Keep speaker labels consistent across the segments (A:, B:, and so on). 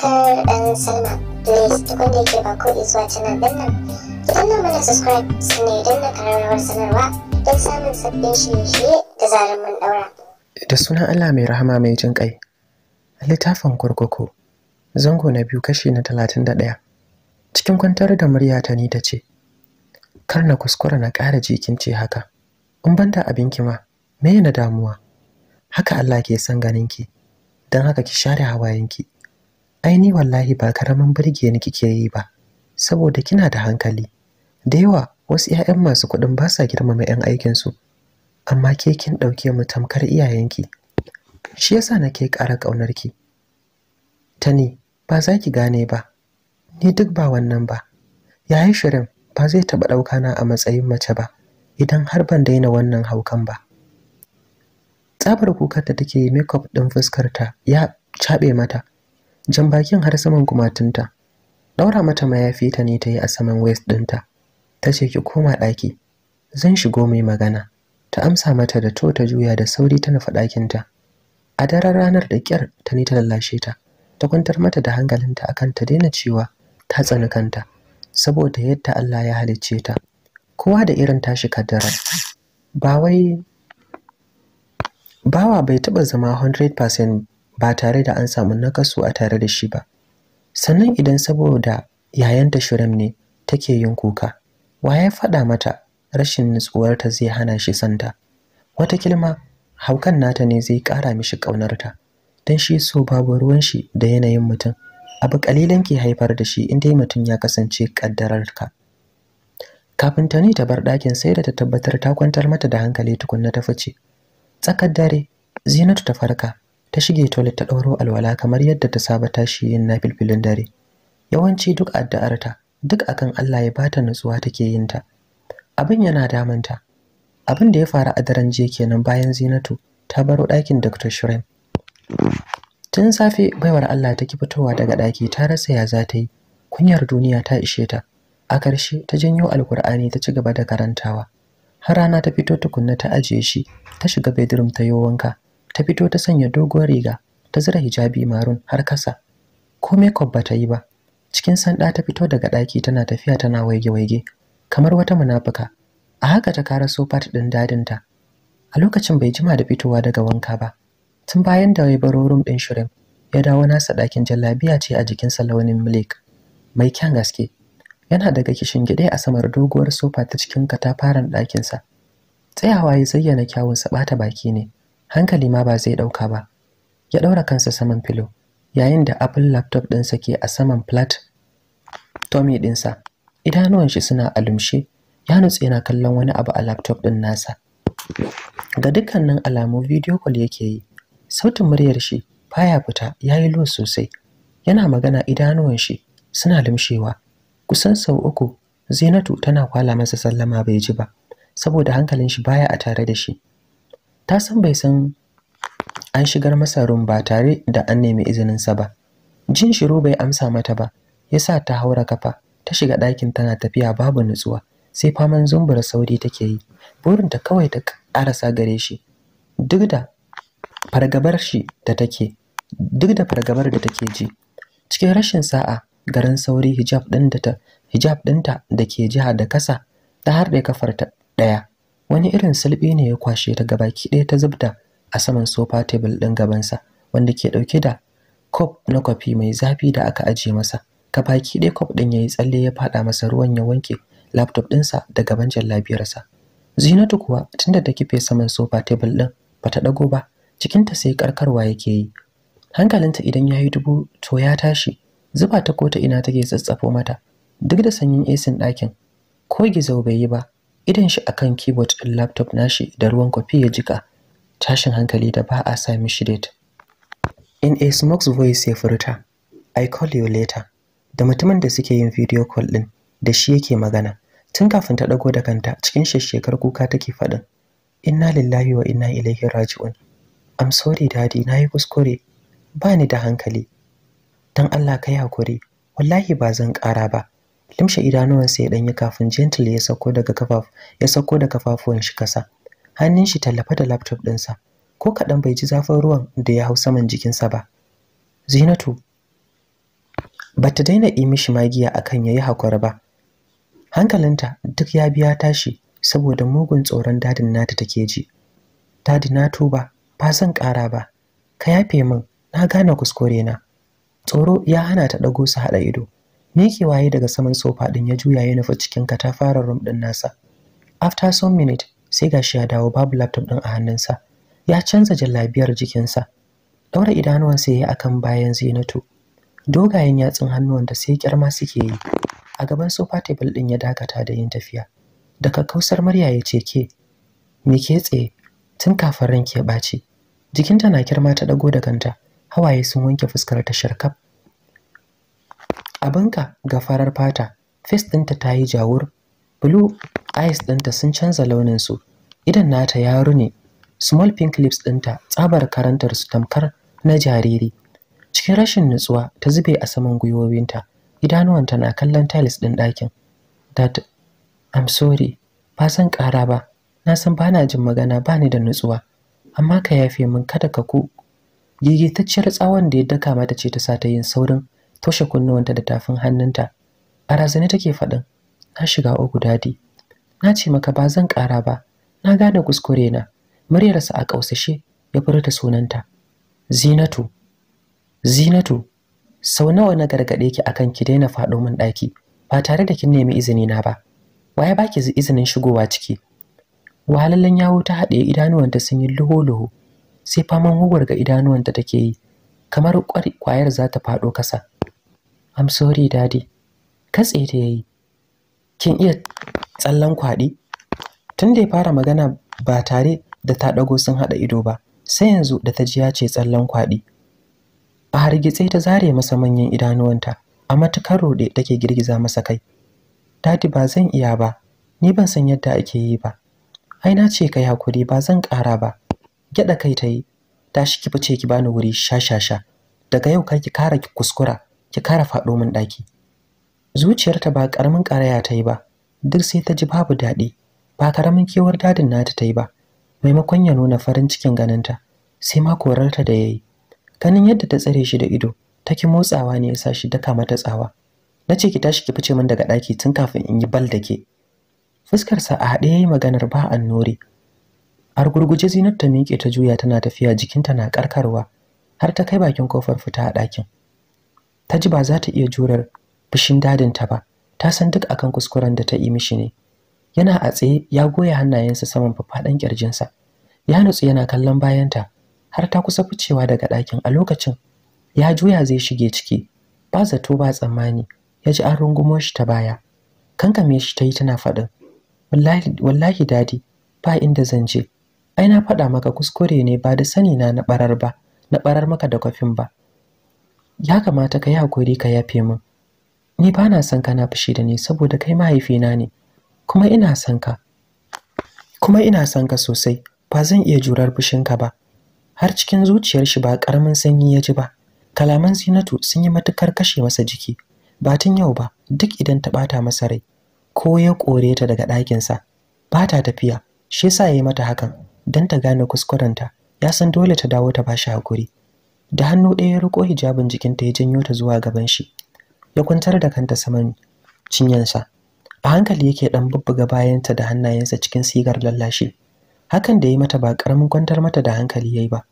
A: subscribe and sign up. Please da subscribe sanarwa don samun sabbin da sunan Allah mai rahama mai jin kai. Littafin kurkuku. Zango na biyu kashi na talatin da ɗaya. Cikin kwantar da murya ta ni ta ce, Kar na kuskura na ƙara jikin ce haka. In banda abinki ma, me na damuwa? Haka Allah ke san ganinki. don haka ki share hawayenki ai ni wallahi ba karaman birge ni kike yi ba saboda kina da hankali da yawa wasu 'ya'yan masu kuɗin ba sa girmama 'yan aikinsu amma ke kin ɗauke mu tamkar iyayenki shi yasa nake ƙara ƙaunarki tani ba za ki gane ba ni duk ba wannan ba yayin shirin ba zai taɓa ɗaukana a matsayin mace ba idan har ban daina wannan haukan ba tsabar kukar da take makeup ɗin fuskarta ya caɓe mata jan bakin har saman kumatunta daura mata mayafi ta ne ta yi a saman waist ɗinta ta ce ki koma ɗaki zan shigo mai magana ta amsa mata da to ta juya da sauri ta nufa ɗakinta a daren ranar da kyar ta ne ta lallashe ta ta kwantar mata da hankalinta akan ta daina cewa ta tsani kanta saboda yadda Allah ya halicce ta kowa da irin tashi kaddara ba wai bawa bai taɓa zama 100% ba tare da an samu nakasu a tare da shi ba sannan idan saboda yayanta shirin ne take yin kuka wa ya faɗa mata rashin nutsuwarta zai hana shi santa wata kilma haukan nata ne zai ƙara mishi ƙaunarta don shi so babu ruwan shi da yanayin mutum abu ƙalilan ke haifar da shi indai mutum ya kasance ƙaddararka kafin ta ta bar ɗakin sai da ta tabbatar ta kwantar mata da hankali tukunna ta fice tsakar dare zinatu ta farka ta shige toilet ta ɗauro alwala kamar yadda ta saba tashi yin nafilfilin dare yawanci duk addu'arta duk akan Allah ya bata nutsuwa take yin ta abin yana damunta abin da ya faru a daren jiya kenan bayan Zinatu ta baro ɗakin Dr. Shirem tun safe baiwar Allah ta ki fitowa daga ɗaki ta rasa ya za ta yi kunyar duniya ta ishe ta a ƙarshe ta janyo alkur'ani ta ci gaba da karantawa har rana ta fito tukunna ta ajiye shi ta shiga bedroom ta yi wanka ta fito ta sanya doguwar riga ta zira hijabi marun har kasa ko makeup ta yi ba cikin sanda ta fito daga daki tana tafiya tana waige-waige kamar wata munafuka a haka ta kara sofat din ta a lokacin bai jima da fitowa daga wanka ba tun bayan da ya baro room din shirin ya dawo nasa dakin jallabiya ce a jikinsa launin milik. mai kyan gaske yana daga kishin gide a samar doguwar sofa ta cikin katafaren ɗakinsa tsayawa ya zayyana kyawunsa bata baki ne hankali ma ba zai ɗauka ba ya ɗaura kansa saman filo yayin da apple laptop ɗinsa ke a saman plat tommy dinsa, idanuwan shi suna alumshe ya nutse yana kallon wani abu a laptop ɗin nasa ga dukkanin alamu video call yake yi sautin muryar shi baya fita yayi lo sosai yana magana idanuwan shi suna lumshewa kusan sau uku Zinatu tana kwala masa sallama bai ji ba saboda hankalin shi baya a tare da shi ta san bai san an shigar masa rum ba tare da an nemi izinin sa ba jin shiru bai amsa mata ba yasa ta haura kafa ta shiga ɗakin tana tafiya babu nutsuwa sai faman zumbur sauri take yi Burin ta kawai ta ƙarasa gare shi duk da fargabar shi da take duk da fargabar da take ji cikin rashin sa'a garin sauri hijab ɗin da ta hijab ɗinta da ke jiha da kasa ta harɗe kafarta ɗaya wani irin sulɓi ne ya kwashe ta baki ɗaya ta zubda a saman sofa table ɗin gabansa wanda ke ɗauke da kop na kwafi mai zafi da aka ajiye masa gabaki ɗaya kop ɗin ya yi tsalle ya faɗa masa ruwan ya wanke laptop ɗinsa da gaban jallabiyarsa zinatu kuwa tunda ta kife saman sofa table ɗin bata ɗago ba cikinta sai karkarwa yake yi hankalinta idan ya yi dubu to ya tashi zuba ta kota ina take tsatsafo mata duk da sanyin esin ɗakin ko gizo bai yi ba idan shi akan keyboard ɗin laptop nashi da ruwan kofi ya jika tashin hankali da ba a sa mishi date in a smokes voice ya furta i call you later da mutumin da suke yin video call din da shi yake magana tun kafin ta dago da kanta cikin shekar kuka take faɗin inna lillahi wa inna ilaihi raji'un i'm sorry daddy na yi kuskure Bani da hankali dan allah kai hakuri wallahi ba zan ƙara ba limshe idanuwansa ya danyi kafin gentle ya sako daga kafaf ya sako da kafafuwan shi kasa hannun shi tallafa da laptop sa, ko kadan bai ji zafin ruwan da ya hau saman jikin sa ba zinatu Bata daina yi mishi magiya akan ya yi haƙuri ba hankalinta duk ya biya tashi saboda mugun tsoron dadin nata take ji dadi na tuba ba zan ƙara ba ka yafe min na gane kuskure na tsoro ya hana ta ɗago su hada ido Miki waye daga saman sofa ɗin ya juya ya nufi cikin katafarar room ɗin nasa. After some minute sai gashi ya dawo babu laptop ɗin a hannunsa. Ya canza jallabiyar jikinsa. Ɗaura idanuwansa ya yi akan bayan Zinatu. Dogayen yatsun hannuwan da sai kyarma suke yi. A gaban sofa table ɗin ya dakata da yin tafiya. Da kakkausar murya ya ce ke, me ke tsaye tun kafin ranke ya Jikinta na kirma ta ɗago da kanta, hawaye sun wanke fuskar ta sharkaf. abinka ga farar fata face ɗinta ta yi jawur blue eyes ɗinta sun canza launinsu idan nata ya rune small pink lips ɗinta tsabar karantar su tamkar na jariri cikin rashin nutsuwa ta zube a saman gwiwowinta idanuwanta na kallon tiles ɗin ɗakin that i'm sorry ba san ƙara ba na san ba na jin magana ba ni da nutsuwa amma ka yafe min kada ka ku gigitacciyar tsawon da ya daka mata ce ta sa ta yin saurin toshe kunnuwanta da tafin hannunta a razane take faɗin na shiga uku dadi na ce maka ba zan ƙara ba na gane kuskure na muryarsa a ƙausashe ya furta sunanta zinatu zinatu sau nawa na gargaɗe ki akan ki daina faɗo min ɗaki ba tare da kin nemi izini na ba waye baki izinin shigowa ciki wahalallen yawo ta haɗe idanuwanta sun yi luho-luho sai faman hugwar ga idanuwanta take yi kamar kwayar za ta faɗo kasa I'm sorry daddy. Katse ta yayi. Kin iya tsallan kwaɗi? Tun da ya fara magana ba tare da ta ɗago sun haɗa ido ba, sai yanzu da ta ji ya ce tsallan kwaɗi. A hargitse ta zare masa manyan idanuwanta, a matukar roɗe take girgiza masa kai. Dadi ba zan iya ba, ni ban san yadda ake yi ba. Ai na ce kai hakuri ba zan ƙara ba. Gyaɗa kai ta yi, tashi ki fice ki bani wuri sha Daga yau kar ki kara ki kuskura ki kara faɗo min ɗaki zuciyarta ba karamin karaya ta yi ba duk sai ta ji babu daɗi ba karamin kewar dadin nata ta yi ba maimakon ya nuna farin cikin ganinta sai ma korarta da yayi ganin yadda ta tsare shi da ido ta ki motsawa ne ya sa shi daka mata tsawa na ce ki tashi ki fice min daga ɗaki tun kafin in yi bal da ke fuskarsa a haɗe ya yi maganar ba annori har gurguje zinar ta miƙe ta juya tana tafiya jikinta na karkarwa har ta kai bakin kofar fita a ɗakin ta ji ba za ta iya jurar fushin dadinta ba ta san duk akan kuskuren da ta yi mishi ne yana a tsaye ya goya hannayensa saman fafaɗan kirjinsa ya nutsu yana kallon bayanta har ta kusa ficewa daga ɗakin a lokacin ya juya zai shige ciki ba zato ba tsammani ya ji an rungumo shi ta baya kankame shi ta yi tana faɗin wallahi dadi ba inda zan je ai na faɗa maka kuskure ne ba da sani na na barar ba na barar maka da kwafin ba ya kamata ka yi hakuri ka yafe min ni ba na son kana fushi da ni saboda kai mahaifina ne kuma ina son ka kuma ina son ka sosai ba zan iya jurar fushinka ba har cikin zuciyar shi ba karamin sanyi ya ji ba kalaman zinatu sun yi matukar kashe masa jiki ba tun yau ba duk idan ta bata masa rai ko ya kore ta daga ɗakinsa ba ta tafiya shi yasa ya yi mata hakan don ta gane kuskurenta ya san dole ta dawo ta bashi hakuri da hannu ɗaya ya riko hijabin jikinta ya janyo ta zuwa gaban shi ya kwantar da kanta saman cinyansa a hankali yake dan bubbuga bayanta da hannayensa cikin sigar lallashi hakan da ya mata ba karamin kwantar mata da hankali ya yi ba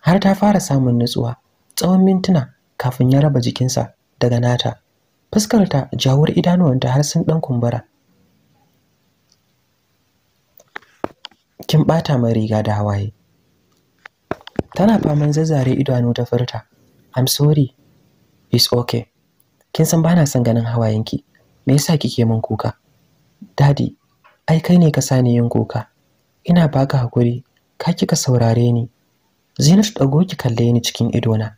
A: har ta fara samun nutsuwa tsawon mintuna kafin ya raba jikinsa daga nata fuskarta jawar idanuwanta har sun ɗan kumbura kin bata mai riga da hawaye tana faman zazzare idanu ta furta i'm sorry it's okay kin san bana son ganin hawayenki me yasa kike min kuka daddy ai kai ne ka sani yin kuka ina baka hakuri ka kika saurare ni ta dago ki kalle ni cikin idona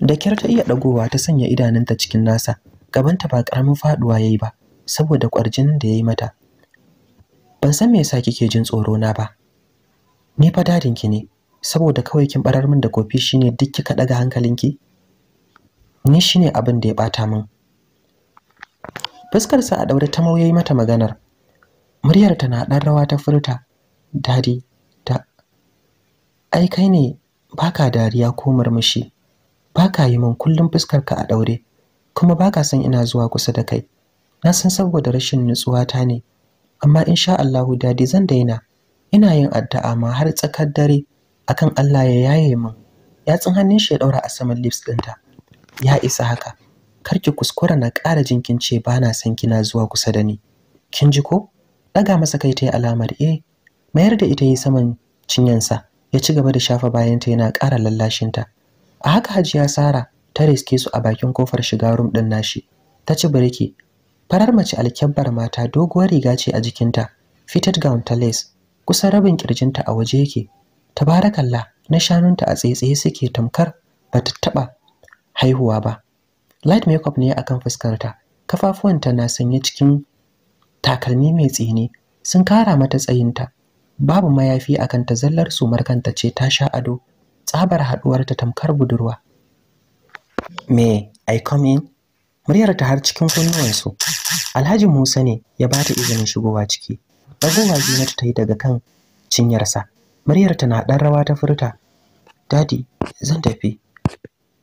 A: da kyar ta iya dagowa ta sanya idanunta cikin nasa gabanta ba karamin faduwa yayi ba saboda kwarjin da yayi mata ban san me yasa kike jin tsoro na ba ni fa dadinki ne saboda kawai kin barar min da kofi shine duk kika daga hankalinki ni shine abin da ya bata min fuskar sa a daure ta mauyayi mata maganar muryar ta na dan rawa ta furta dadi ta ai kai ne baka dariya ko murmushi baka yi min kullum fuskar ka a daure kuma baka san ina zuwa kusa da kai na san saboda rashin nutsuwa ta ne amma insha Allahu dadi zan daina ina yin addu'a ma har tsakar dare akan Allah ya yaye min yatsun hannun shi ya daura a saman lips ɗinta ya isa haka kar ki kuskura na ƙara jinkince ce ba na son kina zuwa kusa da ni kin ji ko daga masa kai ta yi alamar eh mayar da ita yi saman cinyansa ya ci gaba da shafa bayan ta yana ƙara lallashinta a haka hajiya sara ta riske su a bakin kofar shiga rum ɗin nashi ta ci birki farar mace alkyabbar mata doguwar riga ce a jikinta fitted gown ta lace kusan rabin kirjinta a waje yake tabarakallah na shanunta a tsaitsaye suke tamkar ba ta taɓa haihuwa ba light makeup ne akan fuskarta kafafuwanta na sanye cikin takalmi mai tsini sun kara mata tsayinta babu mayafi akan ta zallar su markanta ce ta sha ado tsabar ta tamkar budurwa me i come in muryar ta har cikin kunnuwansu alhaji musa ne ya bata izinin shigowa ciki dagowa Zinatu ta yi daga kan cinyarsa muryar ta na dan rawa ta furta dadi zan tafi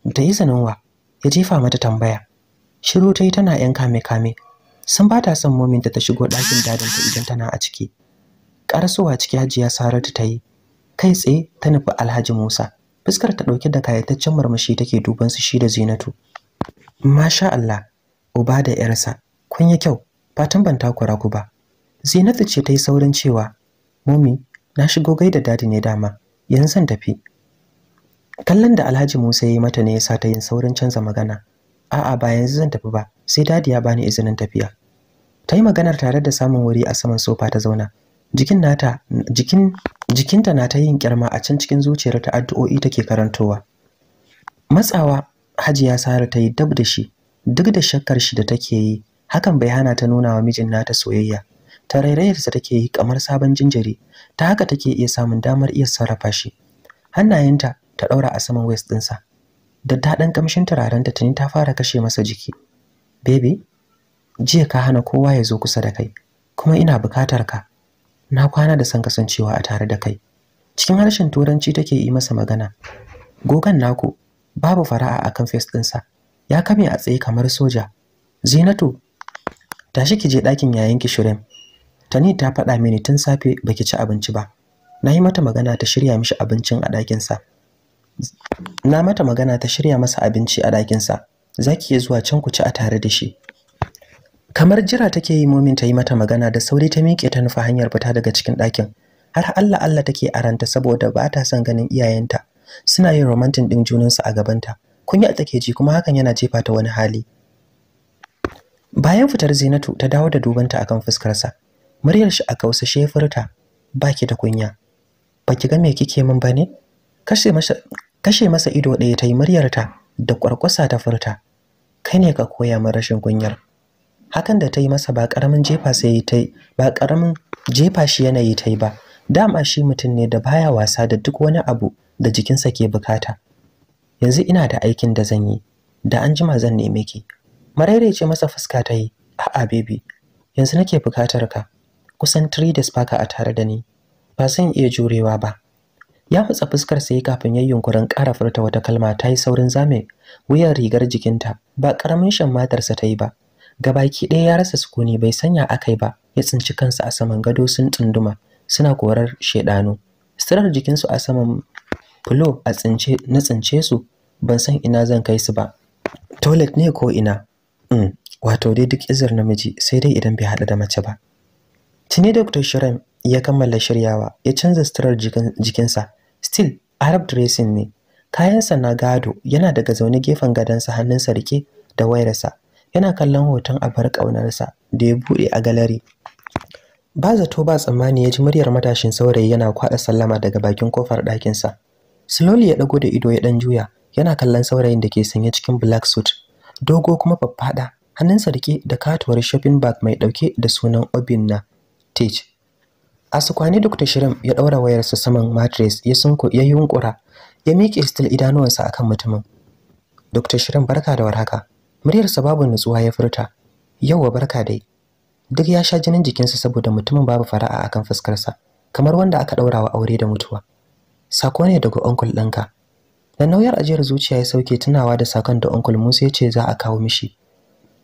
A: da yi wa ya jefa mata tambaya shiru ta tana yan kame kame sun ba ta son momin ta shigo ɗakin dadin ta idan tana a ciki ƙarasowa ciki hajiya saratu ta yi kai tsaye ta nufi alhaji musa fuskar ta ɗauke da kayataccen murmushi take duban su shi da zinatu masha allah uba da yarsa kun yi kyau fatan ban takura ku ba Zinatu ce ta yi saurin cewa, Mummy, na shigo gai da dadi ne dama, yanzu zan tafi. Kallon da Alhaji Musa ya yi mata ne ya sa ta yin saurin canza magana. A'a ba yanzu zan tafi ba, sai dadi ya bani izinin tafiya. Ta yi maganar tare da samun wuri a saman sofa ta zauna. Jikin nata, jikin jikinta na ta yin kyarma a can cikin zuciyar ta addu'o'i take karantowa. Matsawa Hajiya Sara ta yi dab da shi, duk da shakkar shi da take yi, hakan bai hana ta nuna wa mijin nata soyayya. sa take yi kamar sabon jinjiri ta haka take iya samun damar iya sarrafa shi hannayenta ta daura a saman waist ɗinsa da ɗan turaren turarenta tuni ta fara kashe masa jiki Baby, jiya ka hana kowa ya zo kusa da kai kuma ina bukatar ka na kwana da san kasancewa a tare da kai cikin harshen turanci take yi masa magana gogan naku babu fara'a kan face ɗinsa ya kame a tsaye kamar soja zinatu tashi ki je ɗakin yayin ki shirin. tani ta faɗa mini tun safe baki ci abinci ba na yi mata magana ta shirya mishi abincin a ɗakinsa na mata magana ta shirya masa abinci a ɗakinsa za ki iya zuwa can ku ci a tare da shi kamar jira take yi momin ta yi mata magana da sauri ta miƙe ta nufa hanyar fita daga cikin ɗakin har Allah Allah take aranta saboda ba ta son ganin iyayenta suna yin romantin ɗin junansu a gabanta kunya take ji kuma hakan yana jefa ta wani hali bayan fitar Zinatu ta dawo da dubanta akan fuskarsa muryar shi a kausa shefurta baki da kunya baki ga me kike min bane kashe masa kashe masa ido ɗaya ta yi muryar ta da kwarkwasa ta furta kai ne ka koya min rashin kunyar hakan da ta yi masa ba karamin jefa sai tai ba karamin jefa shi yanayi ta yi ba dama shi mutum ne da baya wasa da duk wani abu da jikinsa ke bukata yanzu ina da aikin da zan yi da an jima zan neme ki ce masa fuska ta yi a'a baby yanzu nake bukatar ka kusan Tridis faka a tare da ni ba zan iya jurewa ba ya matsa fuskar sai kafin ya yunkurin ƙara furta wata kalma ta yi saurin zame Wuyar rigar jikinta ba ƙaramin shan matarsa ta yi ba gabaki ɗaya ya rasa sukuni bai sanya akai ba ya tsinci kansa a saman gado sun tsunduma suna korar shedano sirar jikinsu a saman fulo a tsince na tsince su ban san ina zan kai su ba toilet ne ko ina mm. wato dai duk izar namiji sai dai idan bai haɗu da mace ba Tuni Dr. Shirem ya kammala shiryawa, ya canza suturar jikinsa. Still, Arab dressing ne. Kayansa na gado yana daga zaune gefen gadonsa hannunsa rike da wayarsa. Yana kallon hoton abar ƙaunarsa da ya buɗe a galari. Ba zato ba tsammani ya ji muryar matashin saurayi yana kwaɗa sallama daga bakin kofar ɗakinsa. Slowly ya ɗago da ido ya ɗan juya, yana kallon saurayin da ke sanye cikin black suit. Dogo kuma faffaɗa, hannunsa rike da katuwar shopping bag mai ɗauke da sunan Obinna. stage a sukwane dr shirin ya ɗaura wayarsa saman matres ya sunko ya yunkura ya miƙe stil idanuwansa kan mutumin dr shirin barka da warhaka muryarsa babu nutsuwa ya furta yau wa barka dai duk ya sha jinin jikinsa saboda mutumin babu fara'a akan fuskarsa kamar wanda aka ɗaura wa aure da mutuwa sako ne daga onkul ɗinka da nauyar ajiyar zuciya ya sauke tunawa da sakon da onkul musa ya ce za a kawo mishi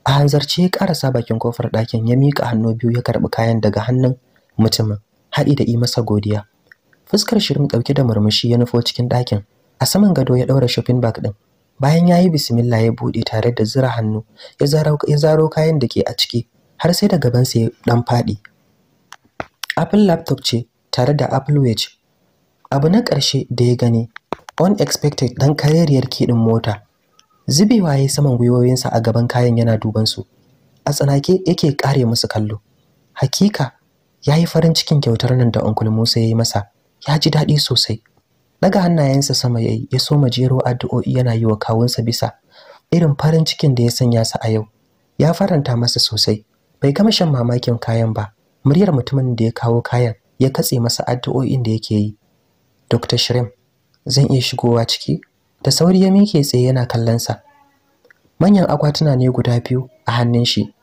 A: a hanzarce ya karasa bakin kofar ɗakin ya mika hannu biyu ya karɓi kayan daga hannun mutumin haɗi da yi masa godiya fuskar shirin ɗauke da murmushi ya nufo cikin ɗakin a saman gado ya ɗaura shopping bag ɗin bayan ya yi bismillah ya buɗe tare da zura hannu ya zaro kayan da ke a ciki har sai da gabansa ya ɗan faɗi apple laptop ce tare da apple watch abu na ƙarshe da ya gani unexpected dan kareriyar kiɗin mota zubewa ya yi saman gwiwoyinsa a gaban kayan yana duban su a tsanake yake kare musu kallo hakika ya yi farin cikin kyautar nan da onkul musa ya yi masa ya ji daɗi sosai daga hannayensa sama ya ya soma jero addu'o'i yana yi wa kawunsa bisa irin farin cikin da ya sanya sa a yau ya faranta masa sosai bai gama shan mamakin kayan ba muryar mutumin da ya kawo kayan ya katse masa addu'o'in da yake yi dr Shrem, zan iya shigowa ciki da sauri ya mike tsaye yana kallon sa. manyan akwatuna ne guda biyu a hannun shi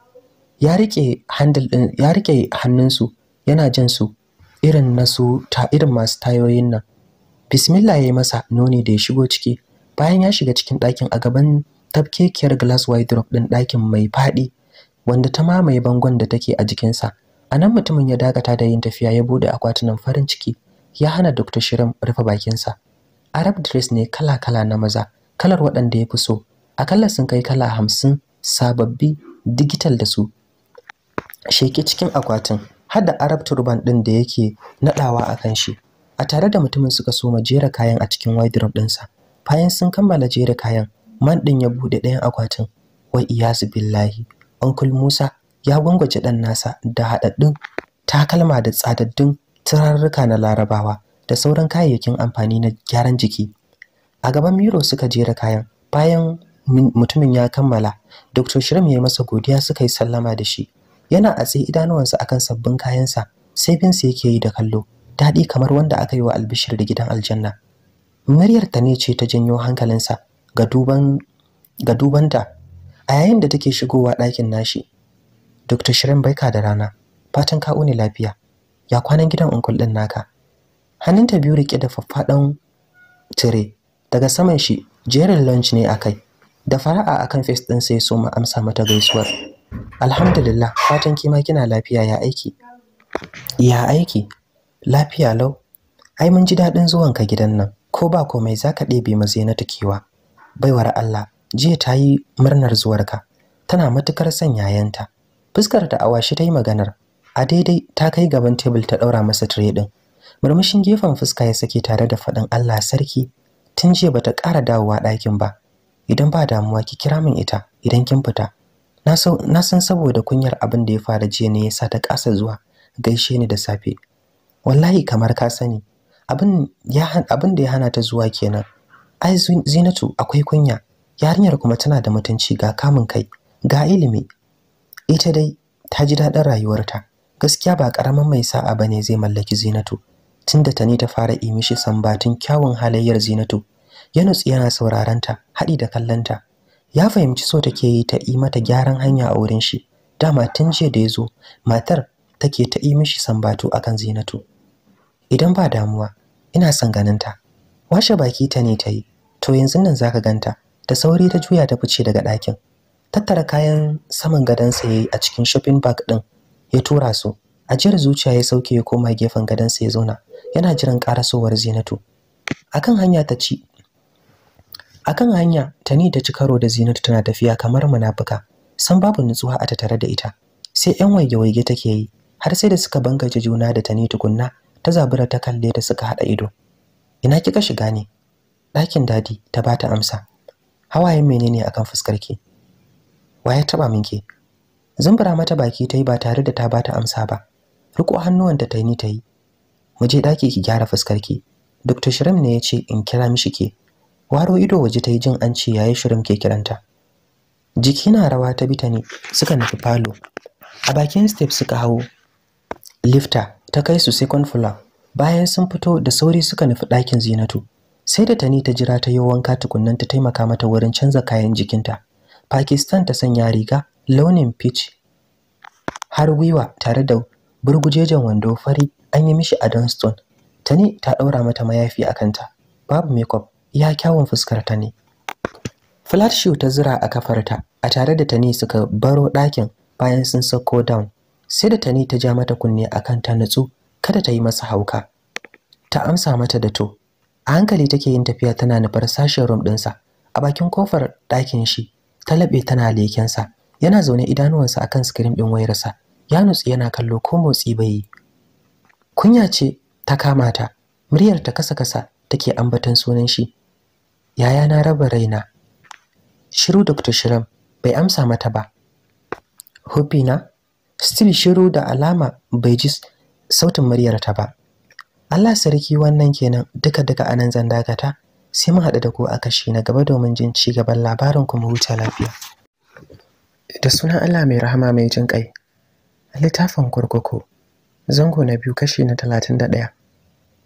A: ya rike handle din ya rike hannunsu yana jin su irin nasu ta irin masu tayoyin nan bismillah yayi masa noni da ya shigo ciki bayan ya shiga cikin ɗakin a gaban tafkekiyar glass wide drop din ɗakin mai faɗi wanda ta mamaye bangon da take a jikinsa a nan mutumin ya dakata da yin tafiya ya buɗe akwatunan farin ciki ya hana dr shirin rufe bakinsa arab dress ne kala-kala na maza kalar waɗanda ya fi so akalla sun kai kala hamsin sababbi digital da su sheke cikin akwatin har da arab turban ɗin da yake naɗawa a kan shi a tare da mutumin suka so jera kayan a cikin wardrobe ɗinsa bayan sun kammala jera kayan man ɗin ya buɗe ɗayan akwatin wai iyasu billahi uncle musa ya gwangwace ɗan nasa da haɗaɗɗun takalma da tsadaddun turarruka na larabawa da sauran kayayyakin amfani na gyaran jiki a gaban miro suka jera kayan bayan mutumin ya kammala dr shirim ya yi masa godiya suka yi sallama da shi yana a tsaye idanuwansa akan sabbin kayansa sai binsa yake yi da kallo daɗi kamar wanda aka yi wa albishir da gidan aljanna muryar ta ne ce ta janyo hankalinsa ga duban ga dubanta a yayin da take shigowa ɗakin nashi dr shirin baika da rana fatan ka ne lafiya ya kwanan gidan unkul ɗin naka hannunta biyu rike da faffaɗan tire daga saman shi jerin lunch ne a kai. da fara'a akan face ɗin sai so mu amsa mata gaisuwar alhamdulillah fatan kima kina lafiya ya aiki ya aiki lafiya lau ai mun ji daɗin ka gidan nan ko ba komai za ka ɗebe mu ta kewa baiwar Allah jiya ta yi murnar zuwarka tana matukar son yayanta fuskar ta awashi ta yi maganar a daidai ta kai gaban tebul ta ɗaura masa tire ɗin murmushin gefen fuska ya sake tare da faɗin Allah sarki tun jiya bata ƙara dawowa ɗakin ba idan ba damuwa ki kira min ita idan kin fita na san saboda kunyar abin da ya fara jiya ne yasa ta kasa zuwa gaishe ni da safe wallahi kamar ka sani abin ya abin da ya hana ta zuwa kenan ai Zinatu akwai kunya yarinyar kuma tana da mutunci ga kamun kai ga ilimi ita dai ta ji daɗin rayuwarta gaskiya ba ƙaramin mai sa'a bane zai mallaki Zinatu tunda tani ta fara yi mishi sambatin kyawun halayyar Zinatu ya yana sauraron ta haɗi da kallonta ya fahimci so take yi ta yi mata gyaran hanya a wurin shi dama tun jiya da ya zo matar take ta yi mishi sambatu akan Zinatu idan ba damuwa ina son ganinta washe baki ta ne ta yi to yanzu nan zaka ganta da sauri ta juya ta fice daga ɗakin tattara kayan saman gadon yayi a cikin shopping bag ɗin ya tura su ajiyar zuciya ya sauke ya koma gefen gadon ya zauna yana jiran karasowar Zinatu akan hanya ta ci akan hanya tani ta ci karo da Zinatu tana tafiya kamar munafuka san babu nutsuwa a tattare da ita sai yan waige-waige take yi har sai da suka bangaje juna da tani tukunna ta zabura ta kalle da suka haɗa ido ina kika shiga ne ɗakin dadi ta bata amsa hawayen menene akan fuskarki wa ya taba minke zumbura mata baki ta yi ba tare da ta bata amsa ba riko hannuwan ta Tani ta yi waje daki ki gyara fuskar ki Dr. Shirim ne ya ce in kira mishi ke waro ido waje ta yi jin an ce yayi Shirim ke kiranta jiki na rawa ta bita ne suka nufi falo a bakin step suka hawo lifta ta kai su second floor bayan sun fito da sauri suka nufi ɗakin Zinatu sai da tani ta jira ta yi wanka tukunnan ta taimaka mata wurin canza kayan jikinta Pakistan ta sanya riga launin peach har gwiwa tare da burgujejen wando fari an yi mishi adon stone tani ta ɗaura mata mayafi a kanta babu makeup Ya kyawun fuskar ta ne flat shoe ta zura a kafarta a tare da tani suka baro ɗakin bayan sun sauko down sai da tani ta ja mata kunne a kan ta nutsu kada ta yi masa hauka ta amsa mata da to a hankali take yin tafiya tana nufar sashen room ɗinsa a bakin kofar ɗakin shi ta laɓe tana lekensa yana zaune idanuwansa akan screen ɗin wayarsa ya nutsu yana kallo ko motsi bai yi kunya ce ta kama ta muryar ta kasa kasa take ambaton sunan shi yaya na raba raina shiru dr shiram bai amsa mata ba na, still shiru da alama bai ji sautin muryar ta ba Allah sarki wannan kenan duka duka anan zan dakata sai mun hada da ku a kashi na gaba domin jin ci gaban labarin kuma huta lafiya da sunan Allah mai rahama mai jin ƙai littafin kurkuku zango na biyu kashi na talatin da ɗaya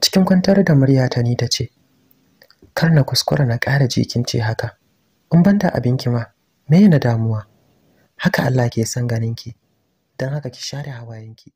A: cikin kwantar da murya ta ni ta ce kar na kuskura na ƙara jikin ce haka in ban da abinki ma me na damuwa haka Allah ke son ganinki don haka ki share hawayenki